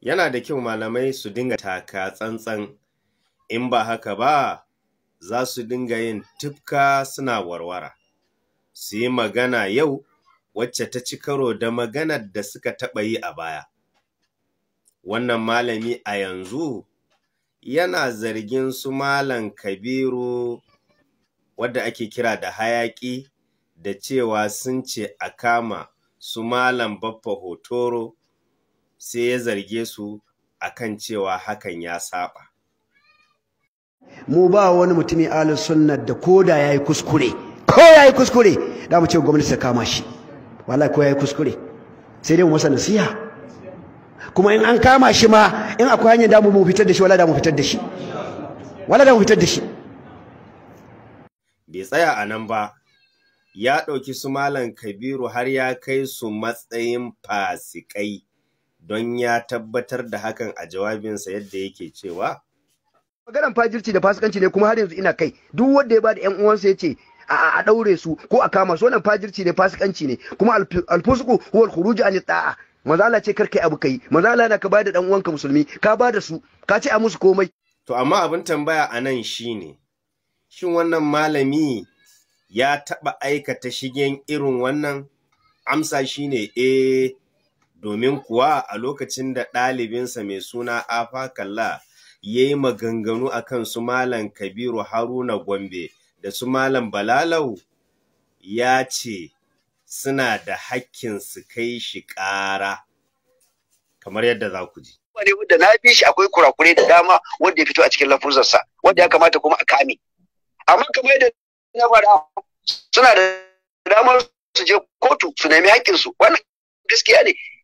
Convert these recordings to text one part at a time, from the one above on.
yana da kyau malamai su dinga taka tsantsan in ba haka ba za su dinga yin tufka suna warwara su yi magana yau wacce ta ci karo da maganar da suka taɓa yi a baya wannan malami a yanzu yana zargin su malam kabiru wadda ake kira da hayaƙi da cewa sun ce a kama su malam baffa hotoro sai ya zarge su a kan cewa hakan ya saba mu ba wani mutumin alin sunna da ko da ya yi kuskure ko ya yi kuskure da mu ce gwamnati ta kama shi wala ko yi kuskure sai dai mu masa nasiha kuma in an kama shi ma in akwai hanyar da mu fitar da shi wala da mu fitar da shi wala da mu fitar da shi bai tsaya a nan ba ya ɗauki su Malam Kabiru har ya kai su matsayin fasikai. don ya tabbatar da hakan a jawabinsa yadda yake cewa maganar fajirci da fasikanci ne kuma har yanzu ina kai duk wanda ya da yan uwansa yace a ɗaure su ko a kama su wannan fajirci ne fasikanci ne kuma alfusku huwa alkhuruj an ta'a manzo Allah ce karka abu kai manzo Allah na ka bada dan uwanka musulmi ka bada su ka ce a musu komai to amma abin tambaya a nan shine shin wannan malami ya taba aikata shigen irin wannan amsa shine eh domin kuwa a lokacin da ɗalibinsa mai suna Afa Kalla ya yi maganganu a kan su Malam Kabiru Haruna Gombe da su Malam Balalau ya ce suna da hakkin su kai shi ƙara kamar yadda za ku ji. da na fi shi akwai kurakurai da dama wanda ya fito a cikin lafuzarsa wanda ya kamata kuma a kame. Amma kamar yadda na fara suna da damar su je kotu su nemi haƙƙinsu wannan gaskiya ne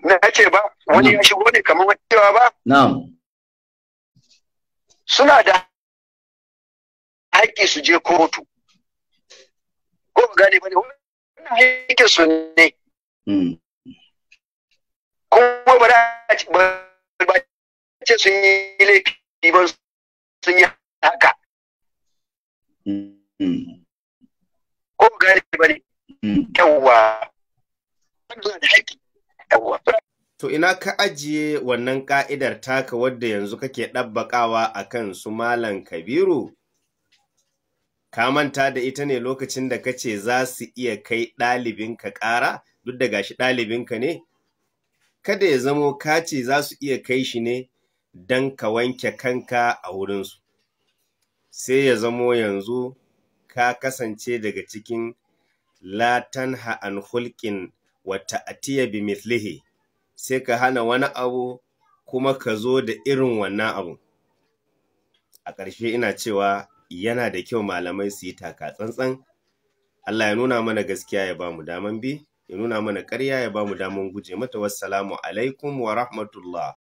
na ce ba wani ya shigo ne kamar wani cewa ba na'am suna da haƙƙi su je kotu ko gane bane wannan haƙƙi su ne hmm. kuma ba da ce sun yi laifi ba sun yi haka hmm. ko gane bane hmm. yawwa da haƙƙi To ina ka ajiye wannan ka'idar taka wadda yanzu kake ɗabbaƙawa a kan su Malam Kabiru? Ka manta da ita ne lokacin da ka ce za su iya kai ɗalibinka ƙara, duk da gashi ɗalibinka ne? Kada ya zamo ka ce za su iya kai shi ne don ka wanke kanka a wurinsu. Sai ya zamo yanzu ka kasance daga cikin latan ha'an hulkin wata atiya bi mithlihi. sai ka hana wani abu kuma ka zo da irin wannan abu a ƙarshe ina cewa yana da kyau malamai su yi taka tsantsan Allah ya nuna mana gaskiya ya ba mu daman bi ya nuna mana ƙarya ya ba mu daman guje mata wassalamu alaikum wa rahmatullah